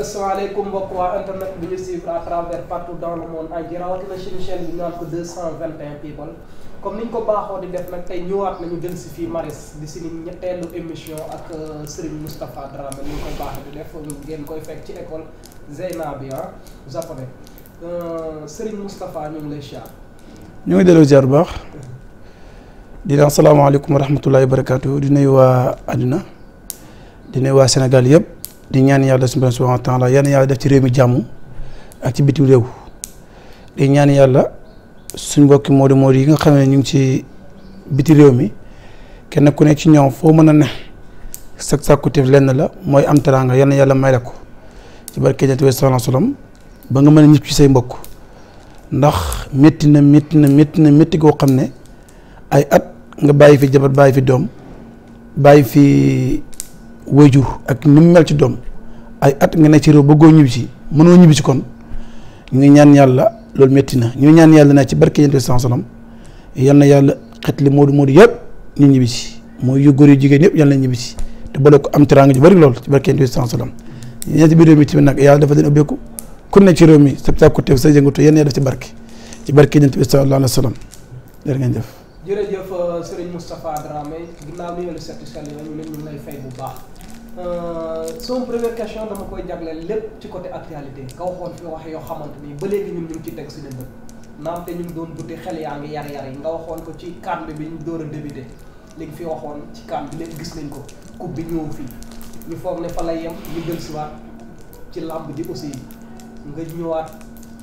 asalaamaaleykum mbokk waa internet bi ñu suivre à travers partout dans le monde entier rawatina suñu chaîne bi ñu naan ko people comme ni ñu ko baaxoo di def nag tey ñëwaat nañu jël si fii Maris di suñu ñetteelu émission ak euh, Serigne Moustapha Dramé ni ñu koy baax di def ngeen koy fekk ci école Zeyna bi ah japonais euh, Serigne Moustapha ñu ngi lay ñu ngi delloo ziar bu baax di naan salaamaaleykum wa rahmatullahi wa barakaatu di nuyu waa àddina di nuyu waa Sénégal yëpp. di ñaan yàlla subhanahu wa taala yal na yàlla def ci réew mi jàmm ak ci bitiw réew di ñaan yàlla suñ mbokki moodu moodu yi nga xam ne ñu ngi ci biti réew mi kenn ku ne ci ñoom foo mën a ne sa sàkkuteef lenn la mooy am teraanga yàlla may ko ci barke jant bi solom ba nga mën a ñib ci say mbokk ndax métti na métti na métti na métti koo xam ne ay at nga bàyyi fi jabar bàyyi fi doom bàyyi fi wayjur ak ni mu mel ci doom ay at nga ne ci réew bëggoo ñibbi si mënoo ñibbi si kon ñu ñaan yàlla loolu métti na ñu ngi ñaan yàlla na ci barke yonent bi sallam yal na yàlla xet li moodu ñu ñibbi si mooy yu góor yu jigéen yëpp yal na ñibbi te boole ko am teraanga ju bëri lool ci barke yonent bi sallam ñeen ci biir réew mi tamit nag yàlla dafa leen sa sa côté sa yëngatu yéen yàlla def ci barke ci barke Euh, sama première question dama koy jagle lépp ci côté actualité nga waxoon fi wax yoo xamante ni ba léegi ñun ñu ngi ci teg suñu bët naam te ñu ngi doon buti xel yaa ngi yar yar yi nga waxoon ko ci CAN bi ñu door a débuté li nga fi waxoon ci CAN bi lépp gis nañ ko coupe bi ñëw fii ñu foog ne fa lay yem ñu del siwaat ci làmb ji aussi nga ñëwaat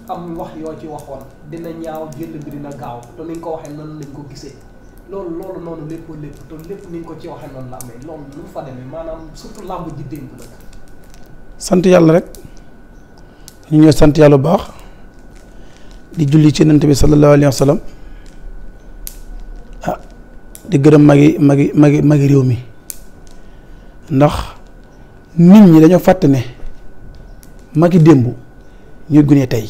am wax yoo ci waxoon dina ñaaw jël bi dina gaaw te ni nga ko waxee noonu lañ ko gisee loolu ko ci waxee sant yàlla rek ñu ñëw sant yàlla bu baax di julli ci nant bi sallallahu alayhi wa ah di gërëm magi magi magi magi réew mi ndax nit ñi dañoo fàtte ne magi démb ñuy gune tey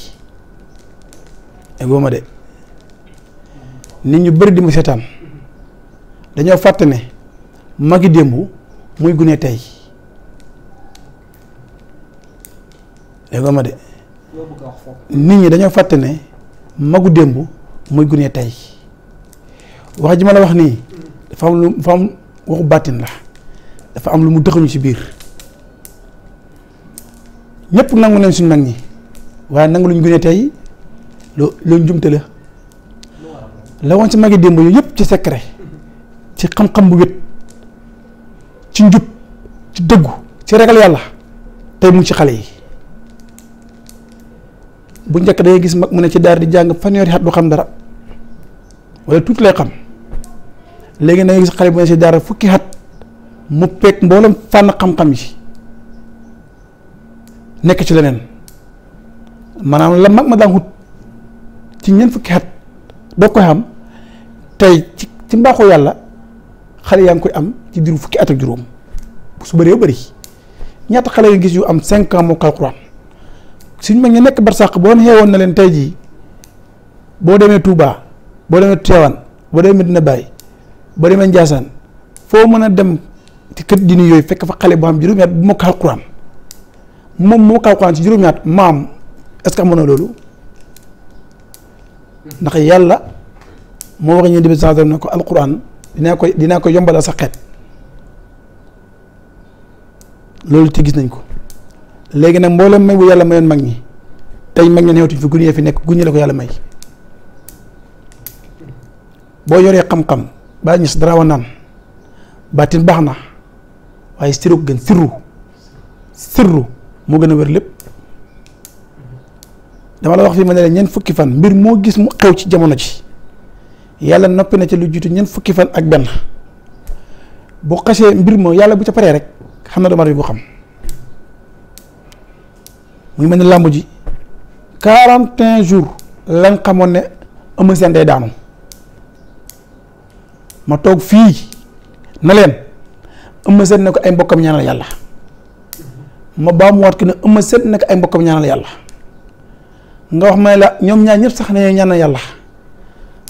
e gooma de nit ñu bari di mu seetaan dañoo fàtte ne magi muy gune tey ma nit ñi dañoo fàtte ne magu démb muy gune tey wax ji ma la wax nii dafa am lu dafa am waxu bàttin la dafa am lu mu dëxuñu ci biir ñépp nangu nañ suñ mag ñi waaye nangu luñ gune tey lu lu njumte la la woon ci magi démb yooyu yëpp ci secret ci xam-xam bu wét ci njub ci dëggu ci ragal yàlla tey mu ci xale yi bu njëkk dangay gis mag mu ne ci daar di jàng fanweeri at du xam dara wala tuuti lay xam léegi dangay gis xale bu ne ci daar fukki at mu peeg mboolem fànn xam-xam yi nekk ci leneen maanaam la mag ma daan wut ci ñeent fukki at doo koy xam tey ci mbaaxu yàlla xale yaa ngi koy am ci diiru fukki at ak juróom su bëree bari ñaata xale yu gis yu am cinq ans mokkal Alxuraan suñ mag ngi nekk barsàq boo xewoon na leen tey jii boo demee Touba boo demee Tivaouane boo demee Medina Baye boo demee Ndiassane foo mën a dem ci kër diine yooyu fekk fa xale bu am juróomi at bu mokkal Alxuraan moom mu mokkal Alxuraan ci juróomi at maam est amoon na loolu ndax yàlla moo wax ñu dem na ko Alxuraan dinaa ko dinaa ko yombalal sa xeet loolu te gis nañ ko léegi nag mboolem may bu yàlla mayoon mag ñi tey mag ñi newtuñ fi guñee fi nekk guñee la ko yàlla may boo yoree xam-xam baa ñis dara wa naan baatin baax na waaye siru gën siru sirru moo gën a wér lépp dama la wax fii ma ne la ñeent fukki fan mbir moo gis mu xew ci jamono ci yàlla noppi na ci lu jiitu ñeent fukki fan ak benn bu xasee mbir ma yàlla bu ca paree rek xam na doomu aadama bu xam mu ngi mel ni làmb ji quarante un jours lañ xamoon ne Eumeu Sène day ma toog fii na leen Eumeu ne ko ay mbokkam ñaanal yàlla ma baamuwaat ko ne Eumeu Sène ne ko ay mbokkam ñaanal yàlla nga wax may la ñoom ñaar ñëpp sax ne ñaanal yàlla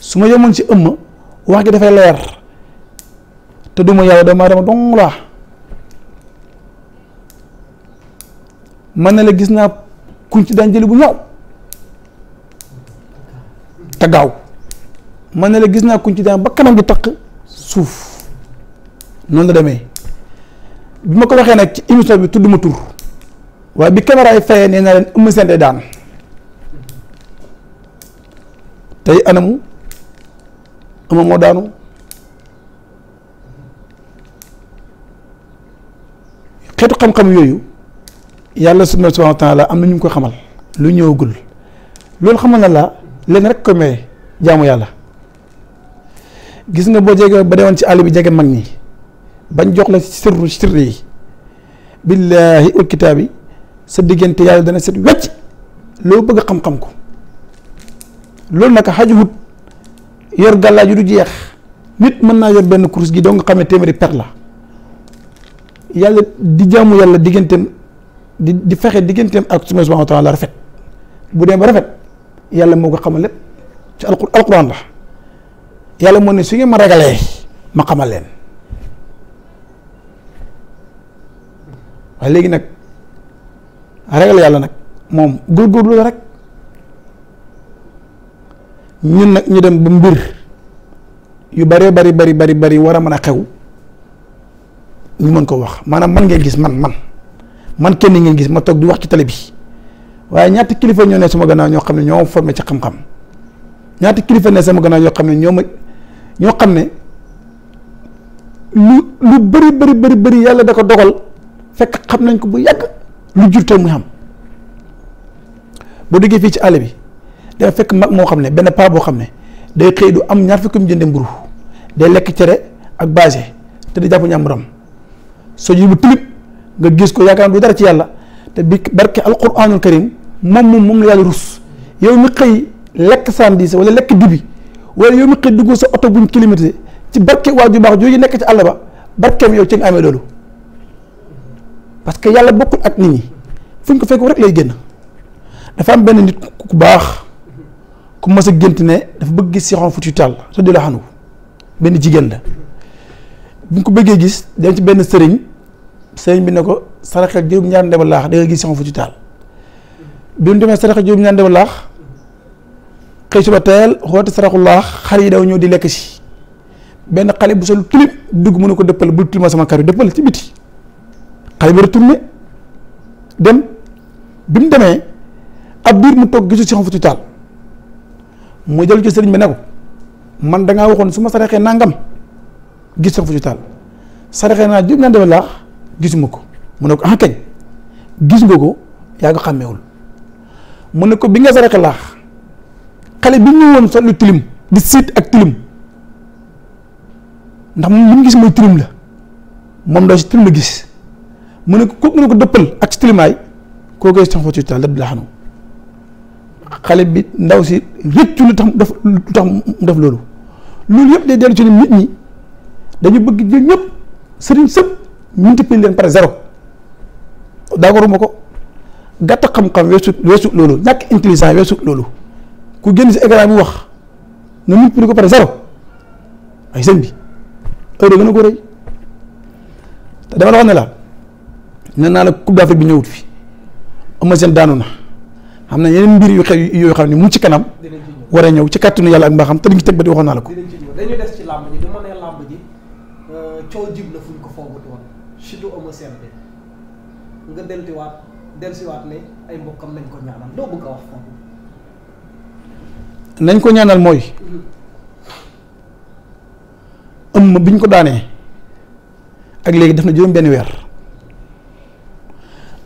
su ma yemoon ci ëmm wax gi dafay leer te duma yow dama dama dong laa man ne la gis naa kuñ ci daan jëli bu ñaw te gaaw man ne la gis naa kuñ ci daan ba kanam bi takk suuf noonu la demee bi ma ko waxee nag ci émission bi tudd ma tur waaye bi caméra yi nee naa leen ëmm seen day daan tey anamu ama moo daanu xeetu xam-xam yooyu yàlla subhanahu wa la am na ñu ngi ko xamal lu ñëwagul loolu xamal na la leen rek ko may jaamu yàlla gis nga boo jege ba deewoon ci àll bi jege mag ñi bañ jox la sirru sirri yi billaahi ul kitaab sa diggante yàlla dana set wecc loo bëgg xam-xam ko loolu nag xajuwut yor gàllaaju du jeex nit mën naa yor benn kurus gi doo nga xamee téeméeri per la yàlla di jaamu yàlla digganteem di di fexe digganteem ak suma subhanahu wa taala rafet bu dee ba rafet yàlla moo ko xamal lépp ci alquran la yàlla moo ne su ngeen ma ragalee ma xamal leen waaye léegi nag ragal yàlla nag moom góorgóorlu la rek ñun nag ñu dem ba mbir yu baree bari bari bari bari war a mën a xew ñu mën ko wax maanaam man ngeen gis man man man kenn ngeen gis ma toog di wax ci télé bi waaye ñaata kilifa ñoo ne sama gannaaw ñoo xam ne ñoo formé ci xam-xam ñaata kilifa ne sama gannaaw ñoo xam ne ñoo ma ñoo xam ne lu lu bëri bëri bëri bëri yàlla da ko dogal fekk xam nañ ko bu yàgg lu jur tey muy xam boo déggee fii ci àll bi. day fekk mag moo xam ne benn paa boo xam ne day xëy du am ñaar fukki mu mburu day lekk cere ak base te di jàpp ñàmburam soo ji bu tilib nga gis ko yaakaar du dara ci yàlla te bi barke alquranul karim moom moom moom la yàlla rus yow mi xëy lekk sandis wala lekk dibi wala yow mi xëy dugg sa oto buñ kilimité ci barke waa ju baax jooju nekk ci àll ba barkeem yow ci nga amee loolu parce que yàlla bokkul ak nit ñi fu ñu ko fekk rek lay génn baax ku mas gént ne dafa bëgg gis Seexoon Fuuti Taal radiyallaahu anhu benn jigéen la bu ñu ko bëggee gis dem ci benn sëriñ sëriñ bi ne ko saraxel juróom-ñaar ndeba laax da nga gis Seexoon Fuuti Taal bi mu demee laax xëy suba teel xoote saraxu laax xar yi daw ñëw di lekk si benn xale bu sol tulip mu ne ko dëppal bul tilma sama kar yu dëppal ci biti xale bi retourné dem bi mu demee ab biir mu toog gisu Seexoon Fuuti Taal mu jël ci sëriñ bi ne ko man dangaa waxoon su ma saraxee nangam gis sax fu ci taal saraxee naa jub naa defe laax gisuma ko mu ne ko ah kañ gis nga yaa ko xàmmeewul mu ne ko bi nga saraxee laax xale bi ñëwoon sol lu tilim di siit ak tilim ndax moom li mu gis mooy tilim la moom daal si tilim la gis mu ne ko kooku mu ne ko dëppal ak si tilimaay koo koy sax fu ci taal lépp xale bi ndaw si rëccu lu tax mu def lu tax mu def loolu loolu yëpp day dellu ci nit ñi dañu bëgg jël ñëpp sëriñ sëpp multiplier leen par zéro d'accorduma ko gàtt xam-xam weesu weesu loolu ñàkk intelligent weesu loolu ku génn si écran bi wax na multiplier ko par zéro ay sëñ bi heure gën a ko rëy te dama la wax ne la nee naa la Coupe d'Afrique bi ñëwut fi ama seen daanu na xam na yeneen mbir yu xew yoo xam ne mu ci kanam war a ñëw ci kàttanu yàlla ak mbaaxam te dañu teg naa ko dañuy des ci làmb ji bu ma nee làmb ji euh, fuñ ko foogut woon surtout Eumeu Sène bi nga deltiwaat delsiwaat ne ay mbokkam nañ ko ñaanal ko ñaanal mooy ëmm mm-hmm. bi ñu ko daanee ak léegi def na juróom benn weer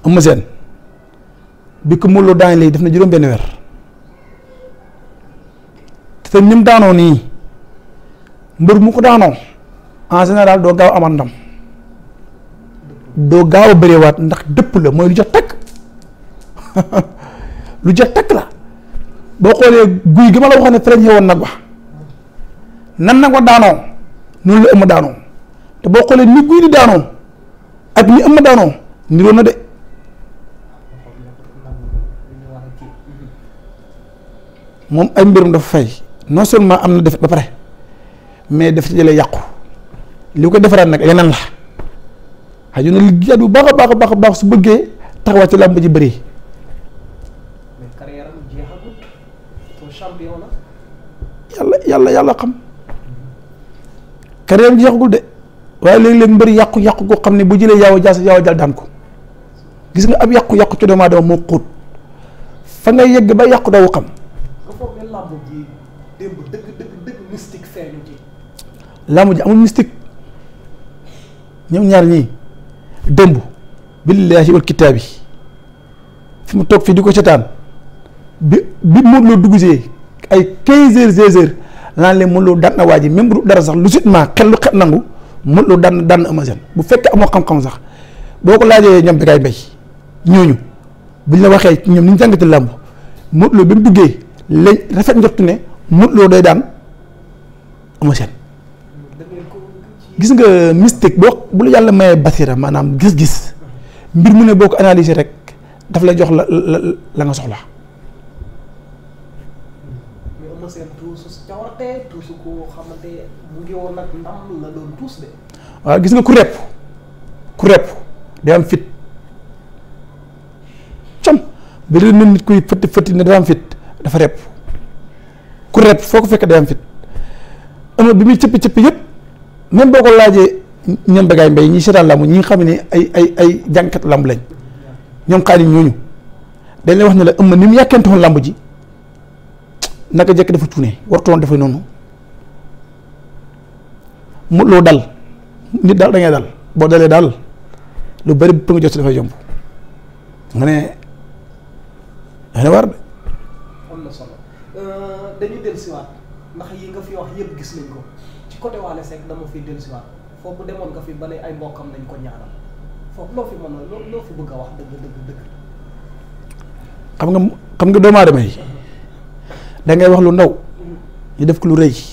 Eumeu Sène bi ko Modou Lo daan léegi def na juróom benn weer te ni mu daanoo nii mbër mu ko daanoo en général doo gaaw amaat ndam doo gaaw a bëreewaat ndax dëpp la mooy lu jot takk lu jot takk la boo xoolee guy gi ma la waxoon ne frein woon nag wax nan nag wa daanoo noonu la ëmma daanoo te boo xoolee ni guy di daanoo ak ni ëmma daanoo niroo de moom ay mbirum dafa fay non seulement am na def ba pare mais def ci jëlee yàqu li ko defaraat nag leneen la xaju na liggéeyaat bu baax a baax a baax a baax su bëggee taxawaat ci làmb ji bëri. mais carrière yàlla yàlla yàlla xam carrière am jeexagul de waaye léeg mbër yàqu yàqu ko xam ne bu jëlee yaaw a jaas yaaw a jal daan ko gis nga ab yàqu yàqu ci doomu aadama moo fa nga yegg ba yàqu doo xam. làmb ji démb dëgg dëgg dëgg mystique feeñu ci. làmb ji amul mystique ñoom ñaar ñii démb billaahi wal kitaabi fi mu toog fii di ko setaan bi bi Modou Lo dugusee ay 15 heures 16 heures naan leen Modou loo daan na waa ji même bu dara sax lu sit maa xel lu xet nangu Modou Lo daan daan na Eumeu bu fekkee amoo xam-xam sax boo ko laajee ñoom bi kay mbéy ñooñu buñ la waxee ñoom ni ñu jàngatee làmb Modou Lo bi mu duggee. lañ rafet njortu ne Modou Lo day daan Eumeu Sène gis nga mystique boo bu la yàlla mayee basira maanaam gis-gis mbir mu ne boo ko analyser rek daf la jox la la la nga soxla. waaw gis nga ku repp ku repp day am fit com bi nit kuy fëtti fëtti ne day am fit. dafa repp ku repp foo ko fekk day am fit ama bi muy cëpp cëpp yëpp même boo ko laajee ñoom Bégaay Mbaye ñi seetaan lamb ñi nga xam ne ay ay ay jànkat lamb lañ ñoom xaalis ñooñu dañ lay wax ne la ëmma ni mu yàkkantoon lamb ji naka jekk dafa cuune wartoon dafa noonu mu loo dal nit daal da dal boo dalee daal lu bari bu nga jot si dafay yomb nga ne da dañu dellusiwaat ndax yi nga fi wax yëpp gis nañ ko ci côté Wally Seck dama fiy dellusiwaat foofu demoon nga fi ba ay mbokkam nañ ko ñaanal foofu loo fi nga xam wax lu ndaw def ko lu rëy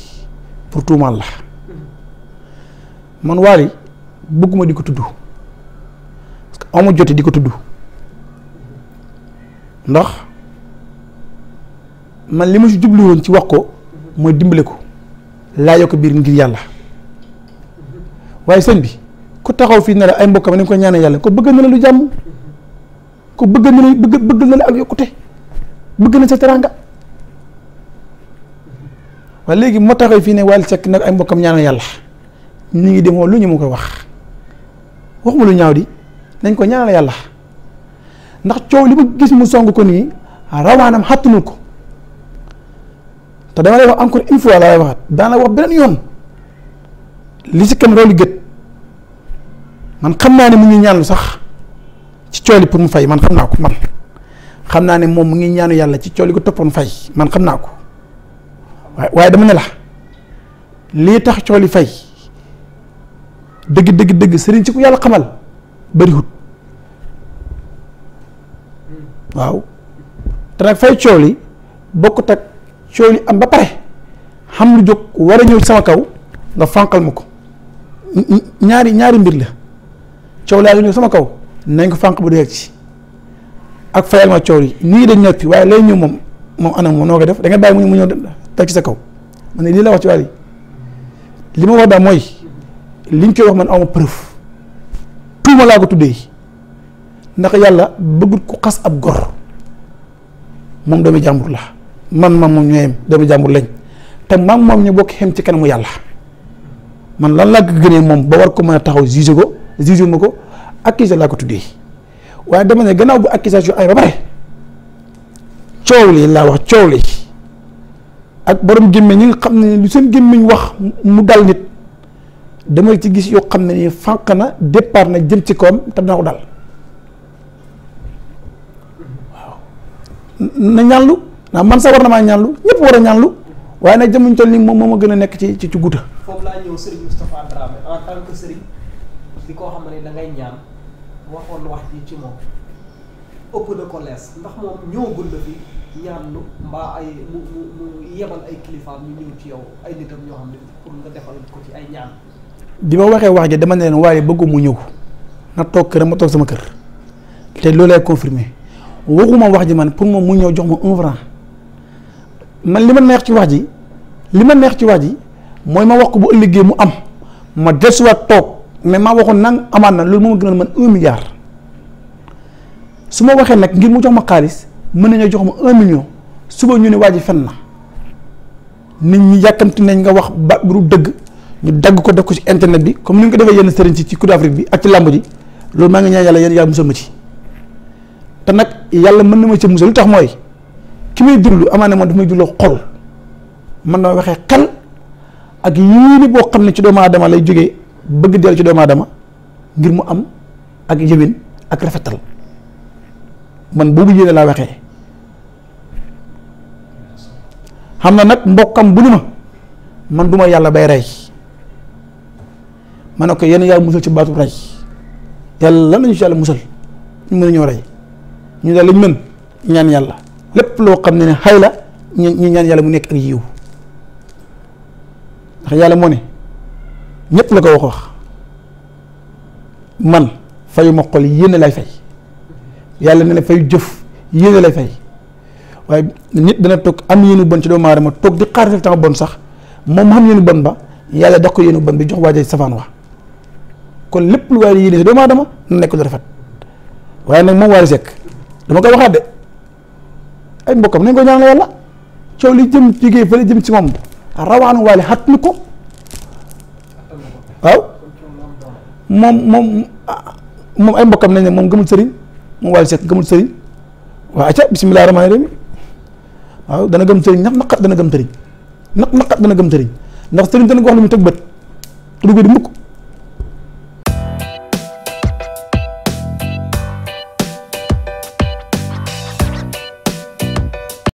man Wally bëgguma di ko tudd parce que joti di ko tudd ndax. man li ma si jublu ci wax ko mooy dimbale ko laajoo ko biir ngir yàlla waaye sëñ bi ku taxaw fii na la ay mbokkam dañ ko ñaanal yàlla ko bëgg na la lu jàmm ko bëgg na la bëgg na la ak yokkute bëgg na sa teranga waaye léegi moo taxaw fii ne Wally sekk nag ay mbokkam ñaanal yàlla ñu ngi demoo lu ñu ma koy wax waxuma lu ñaaw di nañ ko ñaanal yàlla ndax coow li ma gis mu song ko nii rawaanam xàttanul ko. te dama lay wax encore une fois laa lay waxaat yoon li si kam loolu gët man xam naa ne mu ngi ñaanu sax ci cooli pour mu fay man xam naa xam naa ne moom mu ngi ñaanu yàlla ci cooli ko toppoon fay man xam naa ko waaye waaye dama ne la lii tax cooli fay dëgg dëgg dëgg sëriñ si ku yàlla xamal bëriwut waaw te nag fay cooli bokkut ak coow li am ba pare xam lu jóg war a ñëw sama kaw nga fànqal ma ko ñaari ñaari mbir la coow laa ngi ñëw sama kaw nañ ko fànq bu dee ci ak fayal ma coow yi nii dañ noppi waaye lay ñëw moom moom anam moom noo koy def da nga bàyyi mu ñëw teg ci sa kaw man ne lii la wax ci wàll li ma wax daal mooy liñ koy wax man awma preuve tuuma laa ko tuddee ndax yàlla bëggut ku xas ab gor moom doomi jàmbur la man ma moom ñooyem doomu jàmbur lañ te man moom ñu bokk xem ci kanamu yàlla man lan laa ko gënee moom ba war ko mën a taxaw juge ko juge ma ko accusé laa ko tuddee waaye dama ne gannaaw bu accusation ay ba pare laa wax coow ak borom gémmiñ ñi nga xam ne lu seen gémmiñ wax mu dal nit dama ci gis yoo xam ne nii fànq na départ na jëm ci koom te dina ko dal waaw na ñàllu ndax man sa war na maa ñaanlu ñëpp war a ñaanlu waaye na jëmuñ toll nii moom moo ma gën a nekk ci ci guta foofu laa ñëw Serigne Moustapha Dramé en tant que Serigne di koo xam ne da ngay ñaan waxoon wax ji ci moom ëpp na ko lees ndax moom ñëw ci yow ay nitam ñoo ay bi ma waxee wax ji dama ne leen waaye bëggu mu ñëw na toog këram ma toog sama kër te loolu lay confirmé waxuma wax ji man pour moom mu ñëw jox ma un man li ma neex ci wax ji li ma neex ci wax ji mooy ma wax ko bu ëllëgee mu am ma desuwaat toog mais maa waxoon nan amaat na loolu moo ma gënal man un milliard su ma waxee nag ngir mu jox ma xaalis mën nañoo jox ma un suba ñu ne waa ji fen na nit ñi yàkkamti nañ nga wax ba bu dëgg ñu dagg ko def ko ci internet bi comme ni nga defee yenn sëriñ ci ci Coupe bi ak ci làmb ji loolu maa ngi ñaan yàlla yéen yàlla musal ma ci te nag yàlla mën na ma ci musal lu tax mooy. ki may déglu amaana moom daf may déglu xol man na waxee xel ak yéene boo xam ne ci doomu aadama lay jóge bëgg dellu ci doomu aadama ngir mu am ak yëwén ak rafetal man boobu yéene laa waxee xam na nag mbokkam bu nu ma man duma yàlla bay rey ma ne ko yenn yàlla musal ci baatu rey yàlla lan lañu ci yàlla musal ñu mën a rey ñu daal lañ mën ñaan yàlla lépp loo xam ne ne xay la ñu ñaan yàlla mu nekk ak yiw ndax yàlla moo ne ñëpp la ko wax wax man fayu ma xol yéen lay fay yàlla ne la fayu jëf yéen lay fay waaye nit dana toog am yéenu bon ci doomu aadama toog di xaar résultat bon sax moom xam yéenu bon ba yàlla da ko yéenu bon bi jox waaje safaan wa kon lépp lu waaye yéene si doomu aadama na nekk lu rafet waaye nag moom waari sekk dama koy waxaat de ay mbokkam nañ ko ñaanal yàlla coow li jëm jógee fële jëm ci moom rawaanu waale xat na ko moom moom ay mbokkam nañ ne moom gëmul sëriñ moom waale sekk gëmul sëriñ waaw acca bisimilah rahmaani rahim waaw dana gëm sëriñ ndax dana gëm sëriñ naq naqat dana gëm sëriñ ndax sëriñ dana ko lu mu teg bët du ko di mukk